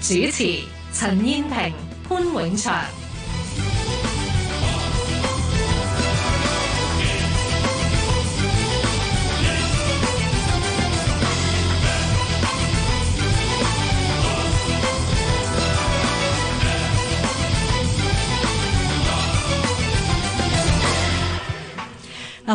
主持：陳燕萍、潘永祥。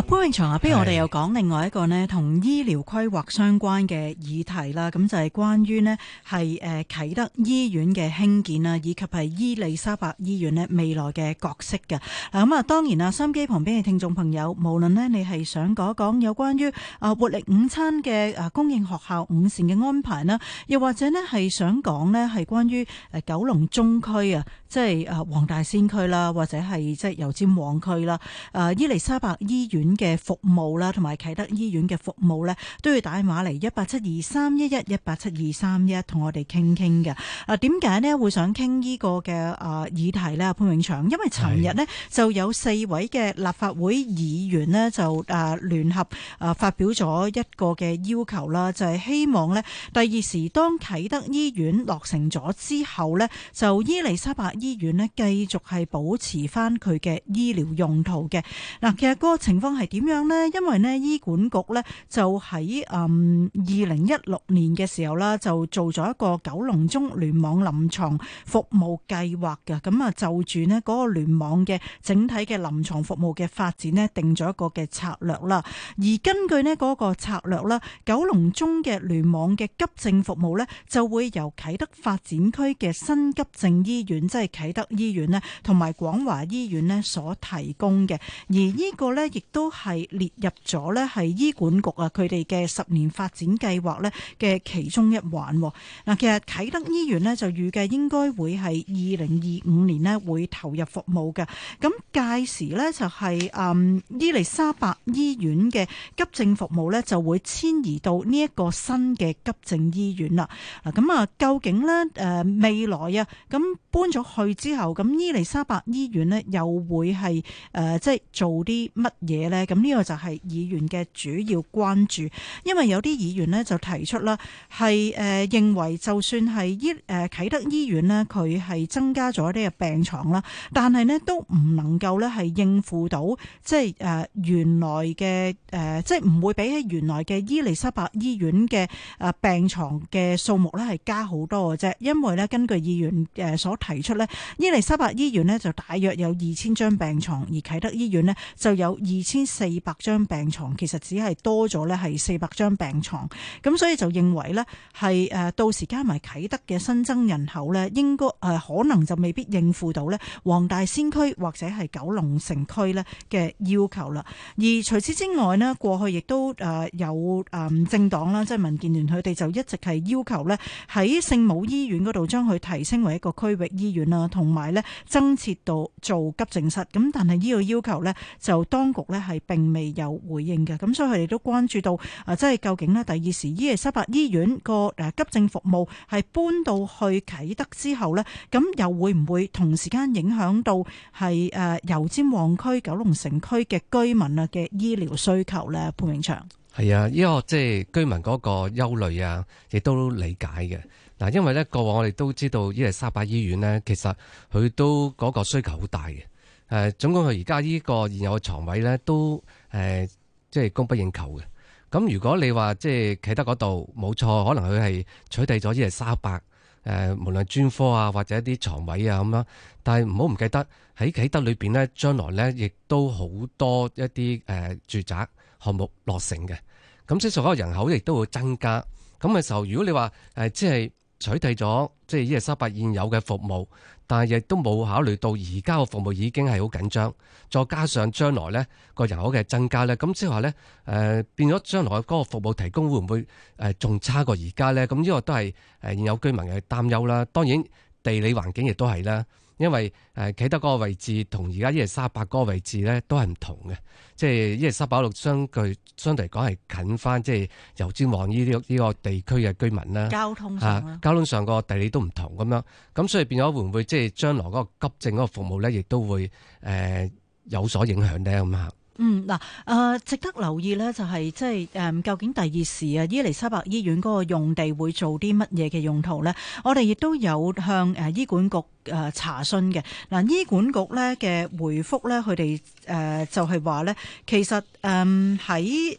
潘永祥啊，不如我哋又講另外一個呢同醫療規劃相關嘅議題啦。咁就係、是、關於呢係誒啟德醫院嘅興建啊，以及係伊利沙伯醫院未來嘅角色嘅。咁啊，當然啦，收音機旁邊嘅聽眾朋友，無論呢你係想講講有關於啊活力午餐嘅供應、學校午膳嘅安排啦，又或者呢係想講呢係關於九龍中區啊。即係誒黃大仙區啦，或者係即係油尖旺區啦。誒伊利沙伯醫院嘅服務啦，同埋啟德醫院嘅服務呢，都要打電話嚟一八七二三一一一八七二三一，同我哋傾傾嘅。嗱點解呢？會想傾呢個嘅誒議題呢？潘永祥？因為尋日呢就有四位嘅立法會議員呢，就誒聯合誒發表咗一個嘅要求啦，就係希望呢，第二時當啟德醫院落成咗之後呢，就伊利沙伯。醫院呢繼續係保持翻佢嘅醫療用途嘅。嗱，其實嗰個情況係點樣呢？因為呢醫管局呢，就喺二零一六年嘅時候啦，就做咗一個九龍中聯網臨床服務計劃㗎。咁啊就住呢嗰個聯網嘅整體嘅臨床服務嘅發展呢，定咗一個嘅策略啦。而根據呢嗰個策略啦，九龍中嘅聯網嘅急症服務呢，就會由啟德發展區嘅新急症醫院即係。啟德醫院呢，同埋廣華醫院呢所提供嘅，而呢個呢，亦都係列入咗呢係醫管局啊，佢哋嘅十年發展計劃呢嘅其中一環。嗱，其實啟德醫院呢就預計應該會係二零二五年呢會投入服務嘅。咁屆時呢，就係誒伊利沙伯醫院嘅急症服務呢就會遷移到呢一個新嘅急症醫院啦。嗱，咁啊，究竟呢誒未來啊，咁搬咗去之後，咁伊利沙伯醫院咧又會係誒、呃、即係做啲乜嘢咧？咁呢個就係議員嘅主要關注，因為有啲議員咧就提出啦，係誒、呃、認為就算係伊誒啟德醫院咧，佢係增加咗一啲嘅病床啦，但係咧都唔能夠咧係應付到即係誒、呃、原來嘅誒、呃、即係唔會比起原來嘅伊利沙伯醫院嘅誒、呃、病床嘅數目咧係加好多嘅啫，因為咧根據議員誒所提出咧。伊利沙伯醫院呢，就大約有二千張病床，而啟德醫院呢，就有二千四百張病床，其實只係多咗呢，係四百張病床，咁所以就認為呢，係誒到時加埋啟德嘅新增人口呢，應該誒、呃、可能就未必應付到呢黃大仙區或者係九龍城區呢嘅要求啦。而除此之外呢，過去亦都誒有誒政黨啦，即係民建聯，佢哋就一直係要求呢，喺聖母醫院嗰度將佢提升為一個區域醫院啦。啊，同埋咧，增設到做急症室，咁但係呢個要求呢，就當局呢係並未有回應嘅，咁所以佢哋都關注到啊，即係究竟呢第二時，伊利沙伯醫院個誒急症服務係搬到去啟德之後呢，咁又會唔會同時間影響到係誒油尖旺區、九龍城區嘅居民啊嘅醫療需求呢？潘永祥係啊，呢個即係居民嗰個憂慮啊，亦都理解嘅。嗱，因為咧，過往我哋都知道伊利沙伯醫院咧，其實佢都嗰、那個需求好大嘅。誒、呃，總講佢而家呢個現有嘅床位咧，都、呃、即係供不應求嘅。咁如果你話即係啟德嗰度，冇錯，可能佢係取締咗伊利沙伯誒，無論專科啊或者一啲床位啊咁樣。但係唔好唔記得喺啟德裏面咧，將來咧亦都好多一啲、呃、住宅項目落成嘅。咁即係嗰個人口亦都會增加。咁嘅時候，如果你話、呃、即係，取締咗即係伊利沙伯現有嘅服務，但係亦都冇考慮到而家嘅服務已經係好緊張，再加上將來咧個人口嘅增加咧，咁即係話咧誒變咗將來嗰個服務提供會唔會誒仲差過而家咧？咁呢個都係誒現有居民嘅擔憂啦。當然地理環境亦都係啦。因為誒，啟德嗰個位置同而家伊利沙伯嗰個位置咧都係唔同嘅，即係伊利沙伯路相對相對嚟講係近翻，即係油尖旺呢啲呢個地區嘅居民啦、啊啊。交通上交通上個地理都唔同咁樣，咁所以變咗會唔會即係將來嗰個急症嗰個服務咧，亦都會誒、呃、有所影響咧咁啊。嗯，嗱、呃、誒，值得留意咧、就係，就係即係誒，究竟第二時啊，伊利沙伯醫院嗰個用地會做啲乜嘢嘅用途咧？我哋亦都有向誒醫管局。誒查詢嘅嗱，醫管局咧嘅回覆咧，佢哋誒就係話咧，其實誒喺誒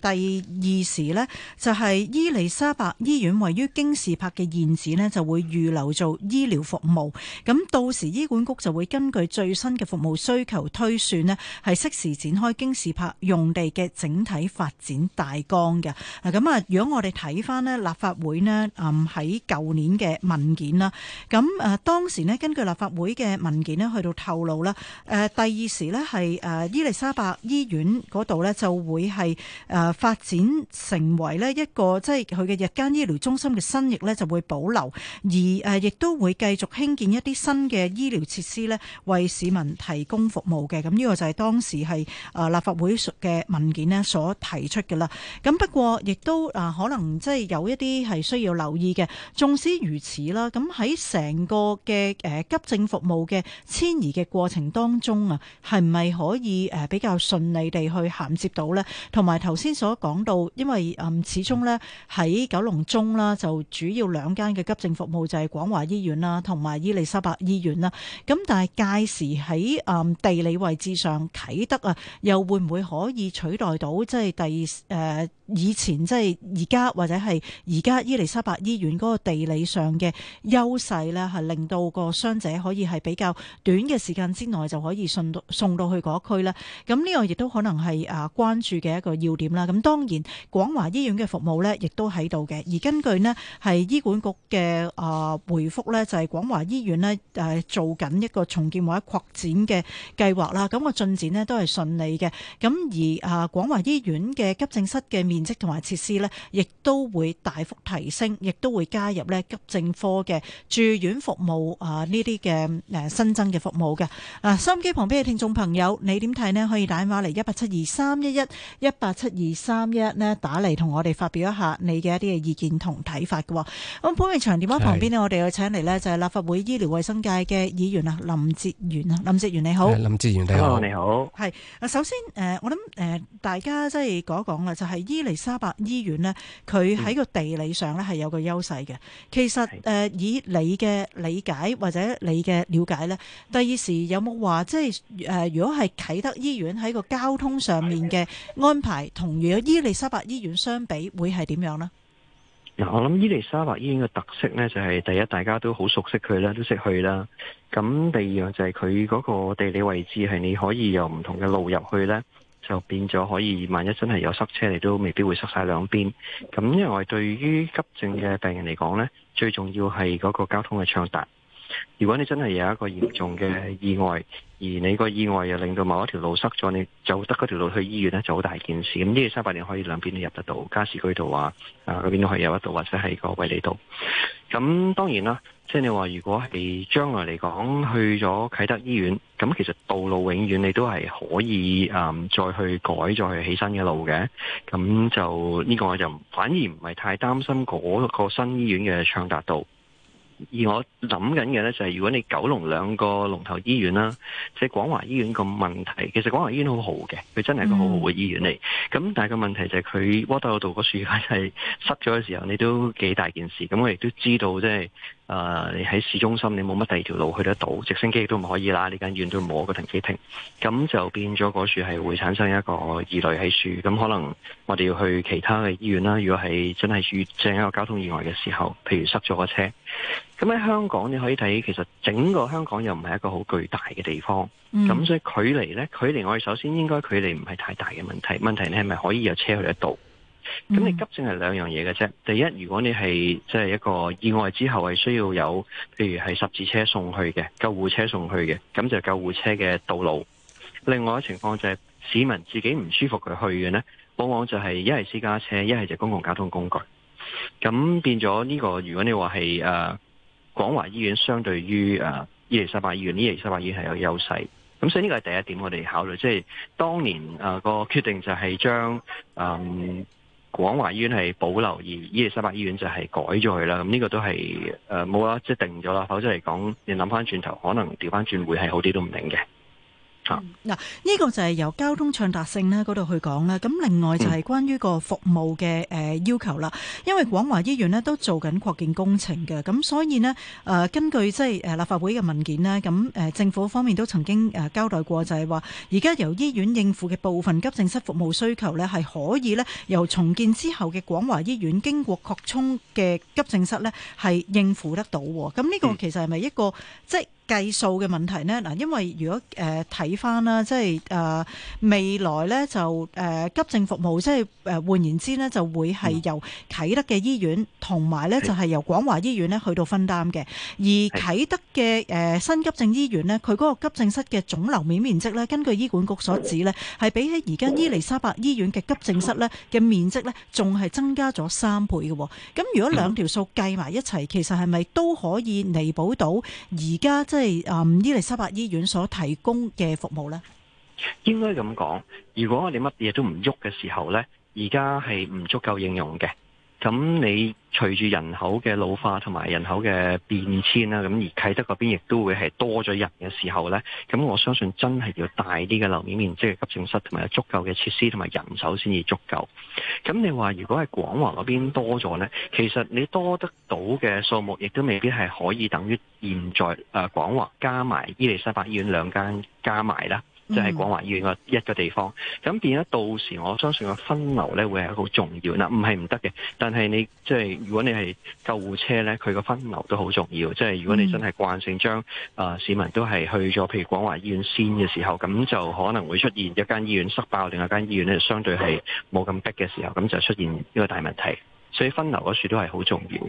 第二時咧，就係、是、伊利沙伯醫院位於京士柏嘅現址咧，就會預留做醫療服務，咁到時醫管局就會根據最新嘅服務需求推算咧，係適時展開京士柏用地嘅整體發展大綱嘅。啊，咁啊，如果我哋睇翻咧立法會咧，誒喺舊年嘅文件啦，咁誒當時。根據立法會嘅文件咧，去到透露啦，誒第二時咧，係誒伊利沙伯醫院嗰度咧，就會係誒發展成為咧一個即係佢嘅日間醫療中心嘅新翼咧，就會保留，而誒亦都會繼續興建一啲新嘅醫療設施咧，為市民提供服務嘅。咁呢個就係當時係誒立法會嘅文件咧所提出嘅啦。咁不過亦都誒可能即係有一啲係需要留意嘅。縱使如此啦，咁喺成個嘅。誒，急症服務嘅遷移嘅過程當中啊，係唔係可以誒比較順利地去銜接到咧？同埋頭先所講到，因為誒始終咧喺九龍中啦，就主要兩間嘅急症服務就係廣華醫院啦，同埋伊利沙伯醫院啦。咁但係屆時喺誒地理位置上，啟德啊，又會唔會可以取代到即係第誒、呃、以前即係而家或者係而家伊利沙伯醫院嗰個地理上嘅優勢咧？係令到個傷者可以係比較短嘅時間之內就可以送到送到去嗰區啦，咁呢個亦都可能係啊關注嘅一個要點啦。咁當然廣華醫院嘅服務咧，亦都喺度嘅。而根據咧係醫管局嘅啊回覆咧，就係廣華醫院咧誒、啊、做緊一個重建或者擴展嘅計劃啦。咁、個進展咧都係順利嘅。咁而啊廣華醫院嘅急症室嘅面積同埋設施咧，亦都會大幅提升，亦都會加入咧急症科嘅住院服務、啊啊！呢啲嘅誒新增嘅服務嘅啊，收音機旁邊嘅聽眾朋友，你點睇呢？可以打電話嚟一八七二三一一一八七二三一呢，打嚟同我哋發表一下你嘅一啲嘅意見同睇法嘅。咁本場電話旁邊呢，是我哋要請嚟呢就係立法會醫療衞生界嘅議員啊，林哲玄啊，林哲玄你好，林哲玄你好，你好，係啊、哦，首先誒、呃，我諗誒、呃，大家即係講一講啊，就係、是、伊利沙伯醫院呢，佢喺個地理上呢係有個優勢嘅。嗯、其實誒、呃，以你嘅理解。或者你嘅了解呢？第二時有冇話即係誒、呃，如果係啟德醫院喺個交通上面嘅安排，同如果伊利沙伯醫院相比，會係點樣呢？嗱，我諗伊利沙伯醫院嘅特色呢，就係、是、第一，大家都好熟悉佢啦，都識去啦。咁第二樣就係佢嗰個地理位置係你可以由唔同嘅路入去呢，就變咗可以萬一真係有塞車，你都未必會塞晒兩邊。咁因為對於急症嘅病人嚟講呢，最重要係嗰個交通嘅暢達。如果你真係有一個嚴重嘅意外，而你個意外又令到某一條路塞咗，你就得嗰條路去醫院呢，就好大件事。咁呢二三八年可以兩邊都入得到，加士居道啊、啊嗰邊都可以入得到，或者係個衞理道。咁當然啦，即係你話如果係將來嚟講去咗啟德醫院，咁其實道路永遠你都係可以誒、嗯、再去改再去起新嘅路嘅。咁就呢、呢個我就反而唔係太擔心嗰個新醫院嘅暢達度。而我諗緊嘅呢，就係如果你九龍兩個龍頭醫院啦，即係廣華醫院個問題。其實廣華醫院好好嘅，佢真係個好好嘅醫院嚟。咁、嗯、但係個問題就係佢窩到度個樹係塞咗嘅時候，你都幾大件事。咁我亦都知道即係。就是誒、啊，你喺市中心，你冇乜第二條路去得到，直升機亦都唔可以啦。呢間醫院都冇個停機坪，咁就變咗嗰處係會產生一個疑慮喺處，咁可能我哋要去其他嘅醫院啦。如果係真係遇正一個交通意外嘅時候，譬如塞咗個車，咁喺香港你可以睇，其實整個香港又唔係一個好巨大嘅地方，咁所以距離呢，距離，我哋首先應該距離唔係太大嘅問題，問題呢係咪可以有車去得到？咁、嗯、你急症係兩樣嘢嘅啫。第一，如果你係即係一個意外之後係需要有，譬如係十字車送去嘅，救護車送去嘅，咁就救護車嘅道路。另外一個情況就係、是、市民自己唔舒服佢去嘅呢，往往就係、是、一係私家車，一係就公共交通工具。咁變咗呢、這個，如果你話係誒廣華醫院相對於誒、呃、伊利沙伯醫院，伊利沙伯醫院係有優勢。咁所以呢個係第一點我哋考慮，即、就、係、是、當年誒個決定就係將誒。呃廣華醫院係保留，而伊利沙伯醫院就係改咗佢啦。咁呢個都係誒冇啦，即係定咗啦。否則嚟講，你諗翻轉頭，可能調翻轉會係好啲都唔定嘅。嗱，呢、嗯這個就係由交通暢達性呢嗰度去講啦。咁另外就係關於個服務嘅誒要求啦。嗯、因為廣華醫院呢都做緊擴建工程嘅，咁所以呢，誒、呃、根據即係誒立法會嘅文件呢，咁誒、呃、政府方面都曾經誒、呃、交代過就，就係話而家由醫院應付嘅部分急症室服務需求呢，係可以呢由重建之後嘅廣華醫院經過擴充嘅急症室呢，係應付得到的。咁呢個其實係咪一個即？計數嘅問題呢，嗱，因為如果誒睇返啦，即係誒、呃、未來呢，就誒、呃、急症服務，即係誒、呃、換言之呢，就會係由啟德嘅醫院同埋呢就係、是、由廣華醫院呢去到分擔嘅。而啟德嘅誒、呃、新急症醫院呢，佢嗰個急症室嘅總樓面面積呢，根據醫管局所指呢，係比起而家伊利沙伯醫院嘅急症室呢嘅面積呢，仲係增加咗三倍嘅、哦。咁如果兩條數計埋一齊，其實係咪都可以彌補到而家即係？即係誒，伊利沙伯醫院所提供嘅服務咧，應該咁講。如果我哋乜嘢都唔喐嘅時候咧，而家係唔足夠應用嘅。咁你隨住人口嘅老化同埋人口嘅變遷啦，咁而啟德嗰邊亦都會係多咗人嘅時候呢，咁我相信真係要大啲嘅樓面面積嘅急症室，同埋有足夠嘅設施同埋人手先至足夠。咁你話如果係廣華嗰邊多咗呢，其實你多得到嘅數目亦都未必係可以等於現在誒廣華加埋伊利沙伯醫院兩間加埋啦。就係廣華醫院嘅一個地方，咁變咗到時，我相信個分流呢會係一個好重要嗱，唔係唔得嘅。但係你即係如果你係救護車呢，佢個分流都好重要。即係如果你真係慣性將啊、呃、市民都係去咗，譬如廣華醫院先嘅時候，咁就可能會出現一間醫院塞爆，另一間醫院呢相對係冇咁逼嘅時候，咁就出現呢個大問題。所以分流嗰處都係好重要。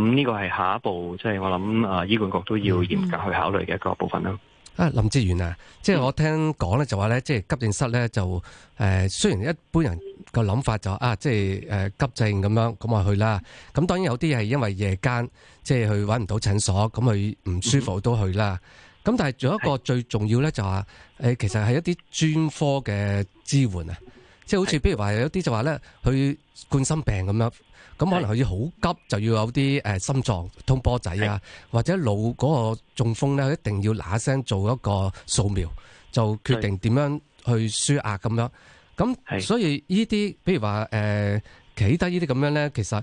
咁呢個係下一步，即係我諗啊、呃、醫管局都要嚴格去考慮嘅一個部分啦。嗯啊，林哲玄啊，即係我聽講咧，就話咧，即係急症室咧，就誒，雖然一般人個諗法就是、啊，即係誒急症咁樣，咁啊去啦。咁當然有啲係係因為夜間，即係去搵唔到診所，咁佢唔舒服都去啦。咁但係仲有一個最重要咧，就話、是、誒，其實係一啲專科嘅支援啊，即係好似譬如話有啲就話咧，佢冠心病咁樣。咁可能佢要好急，就要有啲心臟通波仔啊，是的 或者腦嗰個中風咧，佢一定要嗱聲做一個掃描，就決定點樣去輸壓咁樣。咁是的 所以呢啲，譬如話誒企低呢啲咁樣咧，其實誒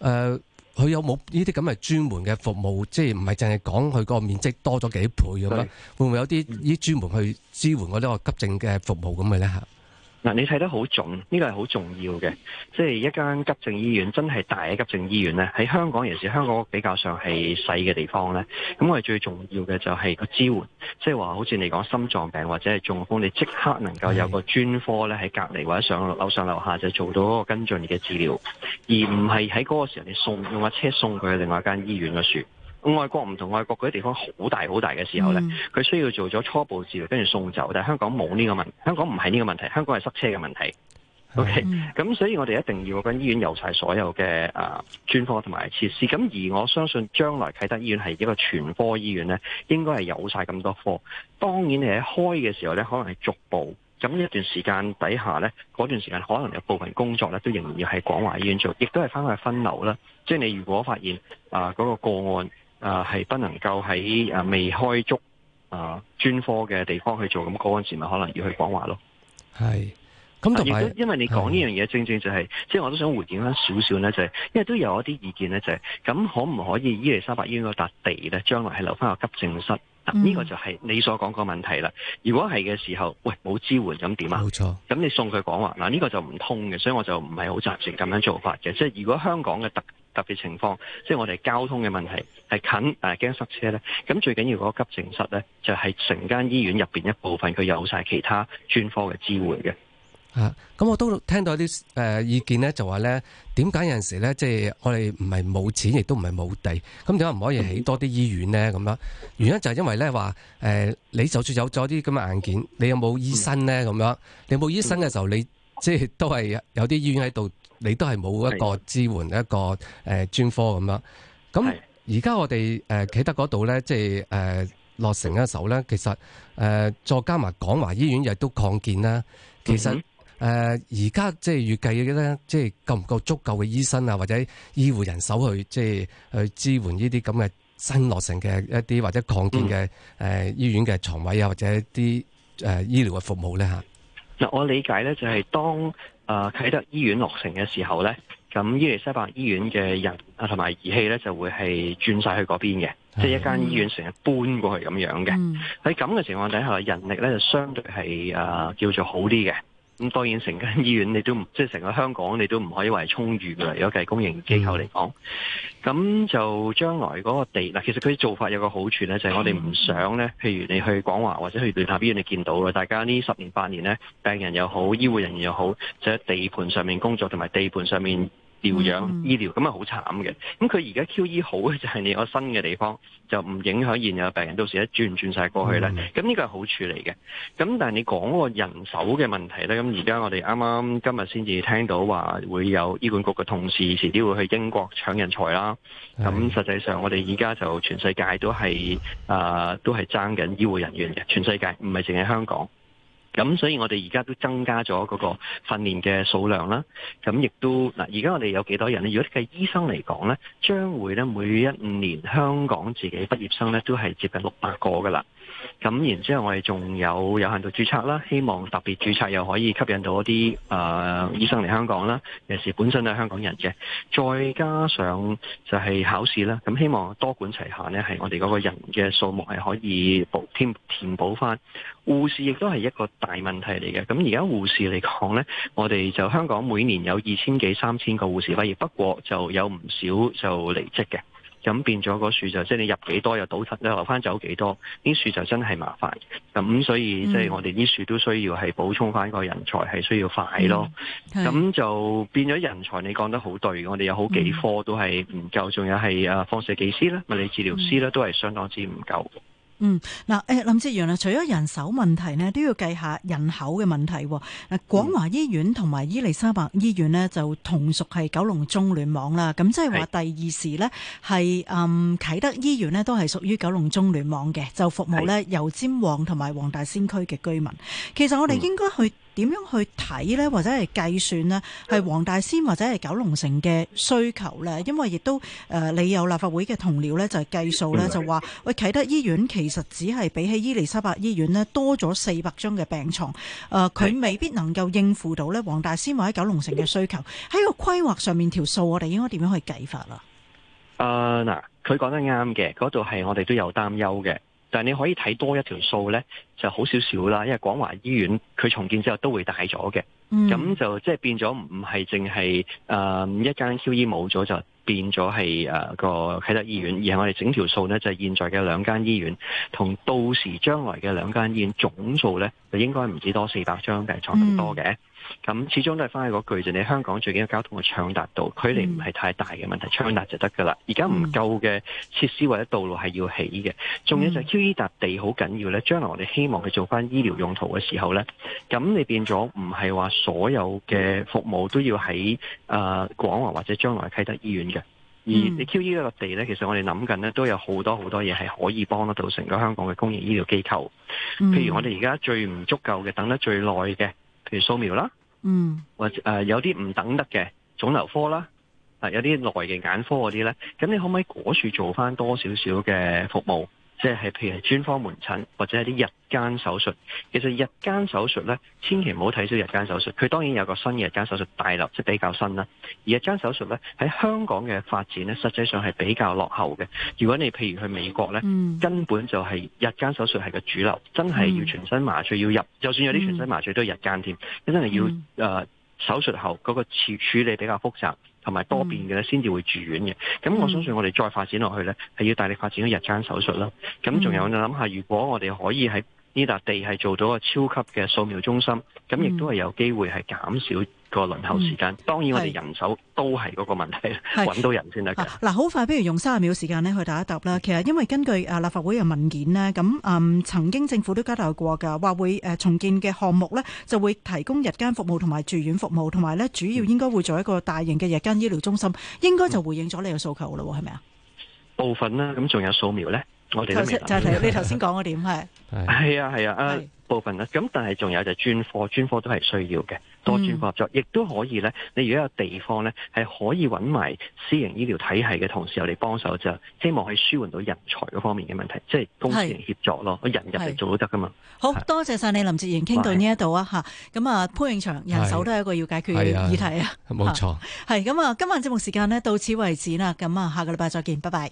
佢、呃、有冇呢啲咁嘅專門嘅服務，即係唔係淨係講佢個面積多咗幾倍咁樣？是的 會唔會有啲呢啲專門去支援我呢個急症嘅服務咁嘅咧？嚇？嗱，你睇得好準，呢個係好重要嘅，即係一間急症醫院真係大嘅急症醫院呢，喺香港尤其是香港比較上係細嘅地方呢，咁我哋最重要嘅就係個支援，即係話好似你講心臟病或者係中風，你即刻能夠有個專科呢，喺隔籬或者上樓上樓下就做到個跟進嘅治療，而唔係喺嗰個時候你送用架車送佢去另外一間醫院嘅時候。外國唔同外國嗰啲地方好大好大嘅時候呢，佢、嗯、需要做咗初步治療，跟住送走。但係香港冇呢個問，香港唔係呢個問題，香港係塞車嘅問題。O K. 咁所以我哋一定要間醫院有晒所有嘅啊專科同埋設施。咁而我相信將來啟德醫院係一個全科醫院呢，應該係有晒咁多科。當然你喺開嘅時候呢，可能係逐步咁一段時間底下呢，嗰段時間可能有部分工作呢，都仍然要喺廣華醫院做，亦都係翻去分流啦。即係你如果發現啊嗰、嗰個個案，啊，係、呃、不能夠喺啊未開足啊專、呃、科嘅地方去做，咁嗰陣時咪可能要去廣華咯。係，咁同埋，啊、因為你講呢樣嘢，嗯、正正就係、是，即係我都想回應翻少少呢，就係、是，因為都有一啲意見呢、就是，就係，咁可唔可以伊利沙伯醫院嗰笪地呢，將來係留翻個急症室？嗱、嗯，呢個就係你所講個問題啦。如果係嘅時候，喂，冇支援咁點啊？冇錯。咁錯你送佢廣華嗱，呢、這個就唔通嘅，所以我就唔係好贊成咁樣做法嘅。即係如果香港嘅特特別情況，即係我哋交通嘅問題係近，但係驚塞車咧。咁最緊要嗰個急症室咧，就係成間醫院入邊一部分，佢有晒其他專科嘅支援嘅。啊，咁我都聽到一啲誒、呃、意見咧，就話咧，點解有陣時咧，即、就、係、是、我哋唔係冇錢，亦都唔係冇地，咁點解唔可以起多啲醫院咧？咁樣、嗯、原因就係因為咧，話誒、呃，你就算有咗啲咁嘅硬件，你有冇醫生咧？咁、嗯、樣你冇醫生嘅時候，嗯、你即係都係有啲醫院喺度。你都係冇一個支援是的 一個誒專科咁樣，咁而家我哋誒啟德嗰度咧，即係誒落成一手咧，其實誒、呃、再加埋廣華醫院亦都擴建啦。其實誒而家即係預計咧，即係夠唔夠足夠嘅醫生啊，或者醫護人手去即係、就是、去支援呢啲咁嘅新落成嘅一啲或者擴建嘅誒、嗯呃、醫院嘅床位啊，或者一啲誒、呃、醫療嘅服務咧吓。嗱，我理解咧就係當。啊！啟德、呃、醫院落成嘅時候呢，咁伊利沙伯醫院嘅人啊同埋儀器呢就會係轉晒去嗰邊嘅，即係的一間醫院成日搬過去咁樣嘅。喺咁嘅情況底下，人力呢就相對係啊、呃、叫做好啲嘅。咁當然成間醫院你都唔，即係成個香港你都唔可以話係充裕嘅，如果計公營機構嚟講。咁、嗯、就將來嗰個地，嗱其實佢做法有個好處咧，就係、是、我哋唔想咧，譬如你去廣華或者去聯合醫院，你見到嘅，大家呢十年八年咧，病人又好，醫護人員又好，就喺地盤上面工作同埋地盤上面。調養、嗯、醫療咁啊，慘 e、好慘嘅。咁佢而家 Q.E. 好咧，就係、是、你個新嘅地方就唔影響現有病人，到時一轉轉晒過去咧。咁呢、嗯、個係好處嚟嘅。咁但係你講個人手嘅問題咧，咁而家我哋啱啱今日先至聽到話會有醫管局嘅同事遲啲會去英國搶人才啦。咁、嗯嗯、實際上我哋而家就全世界都係啊、呃，都係爭緊醫護人員嘅，全世界唔係淨係香港。咁所以我哋而家都增加咗嗰個訓練嘅數量啦，咁亦都嗱，而家我哋有幾多人呢？如果計醫生嚟講呢，將會呢每一年香港自己畢業生呢都係接近六百個噶啦。咁然之後，我哋仲有有限度註冊啦，希望特別註冊又可以吸引到一啲誒、呃、醫生嚟香港啦。有時本身都係香港人嘅，再加上就係考試啦。咁希望多管齊下呢，係我哋嗰個人嘅數目係可以填填補翻。護士亦都係一個大問題嚟嘅。咁而家護士嚟講呢，我哋就香港每年有二千幾、三千個護士畢業，不過就有唔少就離職嘅。咁變咗個樹就，即係你入幾多又倒失，你留翻走幾多？啲樹就真係麻煩。咁所以即係我哋啲樹都需要係補充翻個人才，係需要快咯。咁、嗯、就變咗人才，你講得好對。我哋有好幾科都係唔夠，仲、嗯、有係啊放射技師啦、物理治療師咧，都係相當之唔夠。嗯，嗱，誒，林哲玄啊，除咗人手問題都要計下人口嘅問題。誒，廣華醫院同埋伊利沙伯醫院呢就同屬係九龍中聯網啦。咁即係話第二時咧，係嗯、啟德醫院呢都係屬於九龍中聯網嘅，就服務咧油尖旺同埋黃大仙區嘅居民。其實我哋應該去。點樣去睇呢？或者係計算呢？係黃大仙或者係九龍城嘅需求呢？因為亦都誒，你、呃、有立法會嘅同僚呢，就係計數呢，就話喂，啟德醫院其實只係比起伊利沙伯醫院呢，多咗四百張嘅病床。呃、誒佢未必能夠應付到呢黃大仙或者九龍城嘅需求。喺個規劃上面條數，我哋應該點樣去計法啊，誒嗱、呃，佢、呃、講得啱嘅，嗰度係我哋都有擔憂嘅。但你可以睇多一條數咧，就好少少啦，因為廣華醫院佢重建之後都會大咗嘅，咁、嗯、就即係變咗唔係淨係誒一間 QE 冇咗就變咗係誒個啟德醫院，而係我哋整條數咧就係、是、現在嘅兩間醫院同到時將來嘅兩間醫院總數咧，就應該唔止多四百張嘅床，咁多嘅。嗯咁始終都係翻去嗰句就你香港最緊要交通嘅暢達度，距離唔係太大嘅問題，暢達、嗯、就得噶啦。而家唔夠嘅設施或者道路係要起嘅。仲有就係 QE 笪地好緊要咧，將來我哋希望佢做翻醫療用途嘅時候咧，咁你變咗唔係話所有嘅服務都要喺誒廣華或者將來啟德醫院嘅。而你 QE 呢笪地咧，其實我哋諗緊咧都有好多好多嘢係可以幫得到成個香港嘅公營醫療機構。嗯、譬如我哋而家最唔足夠嘅，等得最耐嘅，譬如掃描啦。嗯，或者誒，有啲唔等得嘅，腫瘤科啦，啊，有啲耐嘅眼科嗰啲咧，咁你可唔可以嗰處做返多少少嘅服務？即係譬如係專科門診或者係啲日間手術，其實日間手術呢，千祈唔好睇少日間手術。佢當然有個新嘅日間手術大樓，即、係、比較新啦。而日間手術呢，喺香港嘅發展呢，實際上係比較落後嘅。如果你譬如去美國呢，嗯、根本就係日間手術係個主流，真係要全身麻醉要入，就算有啲全身麻醉都係日間添，嗯、真係要誒、嗯呃、手術後嗰、嗰個處處理比較複雜。同埋多變嘅咧，先至會住院嘅。咁我相信我哋再發展落去呢，係、mm hmm. 要大力發展啲日間手術啦。咁仲有就諗下，mm hmm. 如果我哋可以喺呢笪地係做到個超級嘅掃描中心，咁亦都係有機會係減少個輪候時間，嗯、當然我哋人手都係嗰個問題，揾是到人先得。嗱、啊，好快，不如用三十秒時間咧去答一答啦。其實，因為根據誒立法會嘅文件呢，咁嗯曾經政府都交代過噶，話會誒重建嘅項目呢，就會提供日間服務同埋住院服務，同埋呢，主要應該會做一個大型嘅日間醫療中心，應該就回應咗你嘅訴求咯，係咪啊？嗎部分呢，咁仲有掃描呢。我哋就係、是、你頭先講嘅點係係啊係啊啊部分啦咁，但係仲有就係專科，專科都係需要嘅多專科合作，亦都、嗯、可以咧。你如果有地方咧，係可以揾埋私營醫療體系嘅同事嚟幫手，就希望可以舒緩到人才嗰方面嘅問題，即係公營協作咯。我是人入嚟做都得噶嘛。是是好多謝晒你林哲玄，傾到呢一度啊嚇。咁啊，潘永祥，人手都係一個要解決嘅議題啊。冇錯，係咁啊，今晚節目時間咧到此為止啦。咁啊，下個禮拜再見，拜拜。